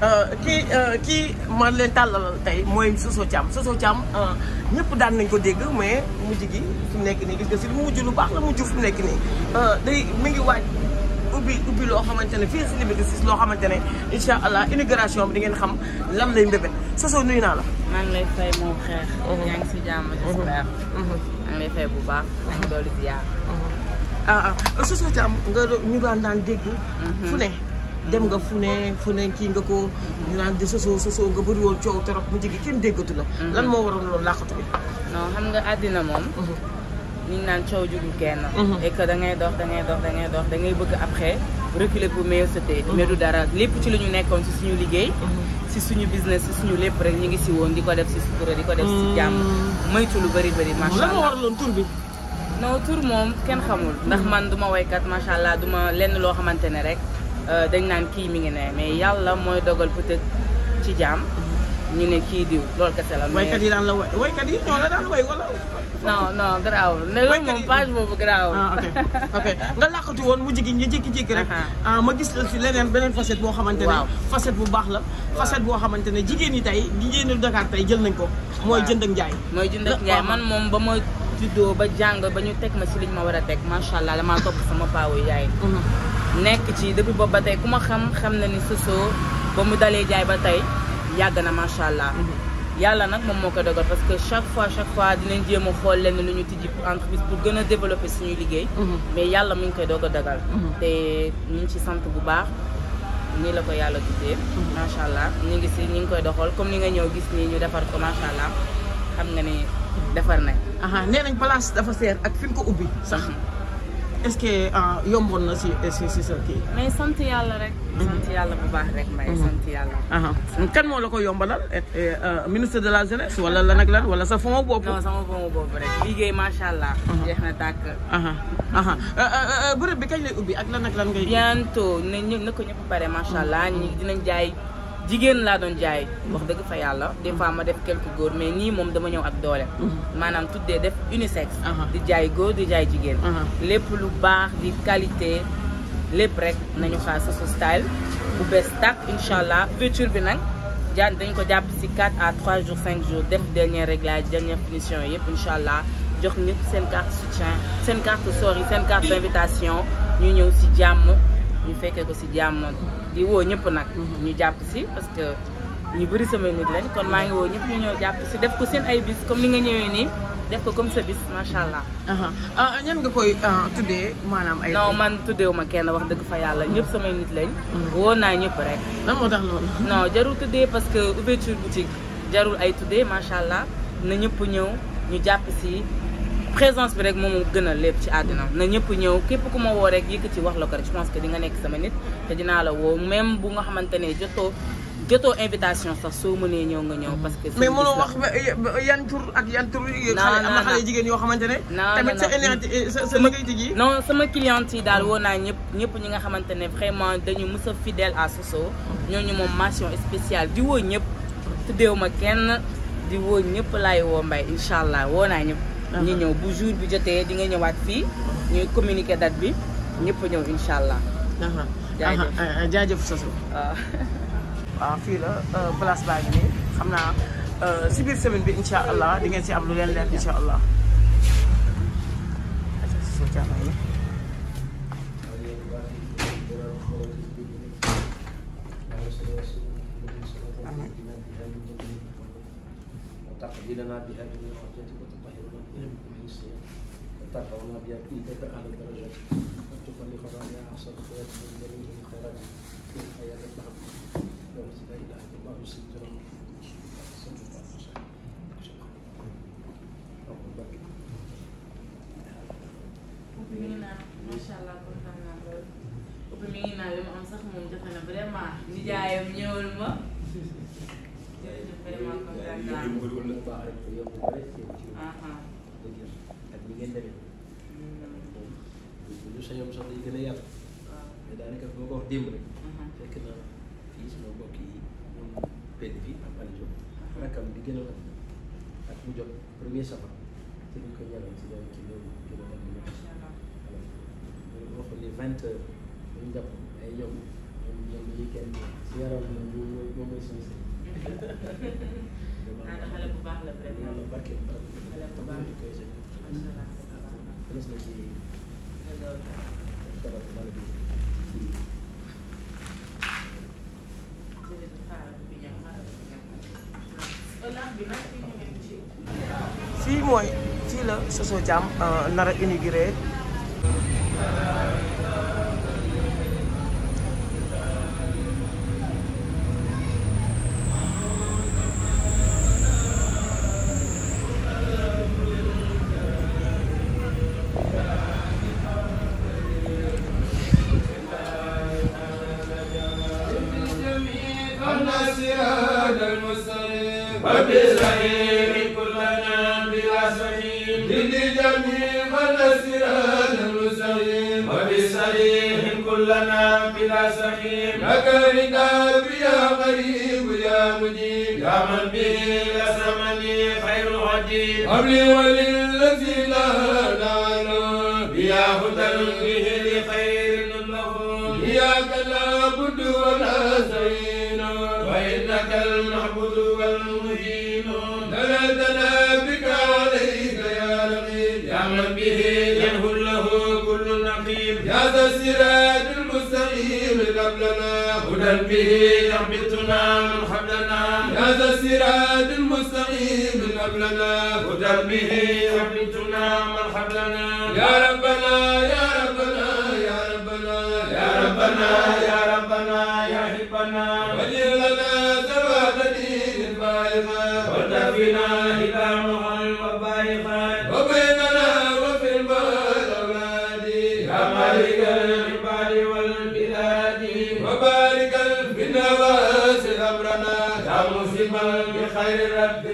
kii euh, kii euh, ma la tàllalal tey mooy Soso Thiam Soso Thiam euh, ñëpp daan nañ ko dégg mais mujj gi fi nekk nii gis nga si lu mujj lu baax la mujj fi nekk nii day mi ngi waaj ubbi ubbi loo xamante ne fii si Liberté 6 loo xamante ne incha allah inauguration bi di ngeen xam lan lay mbébét Soso nuyu naa la. man lay fay mhm. mhm. Mhm. maa ngi lay fay bu baax. maa ngi doon ziar. Ah, ah. Soso Thiam nga ñu daan daan dégg. fu ne. dem nga fu ne fu ne kii nga ko naan di sosoo sosoo nga bëri woon coow torop mu jigi kenn déggatu la mhm. lan moo waroon loolu làqatu bi non xam nga àddina moom mhm. ñu naan coow jugul kenn mhm. et que da ngay dox da ngay ngay dox da ngay bëgg après reculer pour mieux sauter mais dara lépp ci lu ñu nekkoon ci suñu liggéey ci suñu business ci suñu lépp rek ñu ngi si woon di ko def si sutura di ko def ci jàmm moytu lu bari bëri macha allah lan moo waraloon tur kenn xamul ndax man du ma woykat macha allah du ma lenn loo xamante ne rek Euh, dañ naan kii mi ngi ne mais yàlla mooy dogal peut-être ci jaam. ñu ne kii diw loolu kese la. mooy waykat yi daan la way waykat yi ñoo la daan way wala. non non garaawul ne loolu moom page boobu garaawul. ah ok ok nga làqatu woon mujj gi ñu jékki uh-huh. ah, ma gis la si beneen facette boo xamante ne. waaw facette bu baax la. facette boo xamante ne jigéen ñi tey jigéenu Dakar tey jël nañ ko. Uh-huh. mooy jënd ak njaay. mooy jënd njaay man moom ba mooy. juddoo ba jàng ba ñu teg ma ci liñ ma war a teg macha allah damaa topp sama paawu yaay. Mhm. nekk ci depuis boobu ba tey ku ma xam xam na ni Soso ba mu dalee jaay ba tey yàgg na macha allah. Mhm. yàlla nag moom moo ko dogal parce que chaque fois chaque fois dinañ jéem xool lenn lu ñu tijji pour entreprise pour gën a développer suñuy liggéey. Mhm. mais yàlla mi ngi koy doog a dogal. te ñu ngi ci sant bu baax. nii la ko yàlla tuddee. macha allah ni ngi si ñu ngi koy doxal comme ni nga ñëw gis nii ñu defar ko allah xam defar nañ. nee nañ place dafa seer ak fi ko ubbi sax. Mhm. est-ce que ah, yomboon na si si si sa kii. mais sant yàlla rek. Mhm. sant yàlla bu baax rek may mhm. sant yàlla. kan moo la ko yombalal euh, ministre de la jeunesse wala lan ak lan wala sa fond bopp. liggéey macha allah. jeex na tàkk. Euh, euh, bërëb bi kañ lay ubbi ak lan ak lan ngay. bientôt na ko ñëpp pare macha allah ñi dinañ jaay. jigéen laa doon jaay wax dëgg fa yàlla des fois ma def quelques góor mais nii moom dama ñëw ak doole mhm. maanaam tuddee def unisexe di jaay góor di jaay jigéen lépp lu baax di qualité lépp rek nañu xaar sa style bu bees tàkk incha allah future bi nag jaan dañ ko jàpp si 4 à 3 jours 5 jours def dernier réglage dernière finition yëpp incha allah jox ñëpp seen carte soutien seen carte sori seen carte d'invitation ñu ñëw si jàmm ñu fekkee ko si jàmm di woo ñëpp nag mhm. ñu jàpp si parce que ñu bëri samay nit lañ kon maa ngi woo ñëpp ñu ñëw jàpp si def ko seen ay bis comme ni nga ñëwee nii def ko comme sa bis macha allah. ah nga koy ah, tuddee maanaam ay. non man tuddeewu ma kenn wax dëgg fa yàlla ñëpp samay nit lañ. Mhm. woo naa ñëpp rek. lan moo tax loolu. non jarul tuddee parce que ouverture boutique jarul ay tuddee macha allah na ñëpp ñëw ñu jàpp si. présence bi rek moom moo gën a lépp ci àddina na ñëpp ñëw képp ku ma woo rek yëkkati wax la ko rek je pense que di nga nekk sama nit te dinaa la woo même bu nga xamante ne jotoo jotoo invitation sax soo mënee ñëw nga ñëw parce que. mais mënoo wax yan tur ak yan tur. am na xale jigéen yoo xamante ne. tamit sa eh, sa sa liggéey yi. non sama cliente yi daal woo naa ñëpp ñëpp ñi nga xamante ne vraiment dañu mës a fidèle à Soso. ñooñu moom mention spéciale di woo ñëpp. tuddeewu kenn di woo ñëpp laay woo mbay incha allah woo naa ñëpp. ñi ñëw bu jour bi jotee di nga ñëwaat fii ñuy communiquer date bi ñëpp ñëw incha allah. jaajëf ah, ah, jaajëf Soso. waaw ah. fii la euh, place baa ngi xam naa euh, si biir semaine bi incha allah di ngeen si am lu leen leen incha allah. تقبلنا بأبي وحجتك وتطهرنا بها من معيصيك وترفعنا بأبيك على درجتك وتبلغنا بها أحسن خيرك من جميع الخيرات في الحياة الأبد لو لا إله إلا الله يسجل mi ngi naan li ma am sax moom defe na vraiment nijaayam ñëwul ma jërëjëf vraiment kontaan naa ñu bëriwul la baax rek yow bu bëri ci dëgg ak ñi ngeen demee ñu sañoon sax dañu gën a yàqu mais daanaka boo ko wax démb rek fekk na fii sama mbokk yi ñoom benn fii am alijo rakam di gën a mat ak mu jot premier safar te ñu ko ñaanal ci daal ci loolu gën a mat ñu ñu wax ni vingt heures ñu jàpp ay ñoom ñoom ñoom ñuy kenn si yaram moom mooy suñu sëriñ Gitu. si moy ci la ce jam euh ini unigré أن السراد المستقيم وبزعيم كلنا بلا سليم دين جميع أن السراد المستقيم وبسليم كلنا بلا سليم لك رداب يا غريب يا مجيب يا من به لسمني خير عجيب أمري وللذي لا دعنا بيا هدى به لخير له إياك لا بد ولا زين هذا سراج المستقيم قبلنا هدى به يربطنا من حولنا هذا سراج المستقيم قبلنا هدى به يربطنا من حولنا يا ربنا يا ربنا يا ربنا يا ربنا غير رب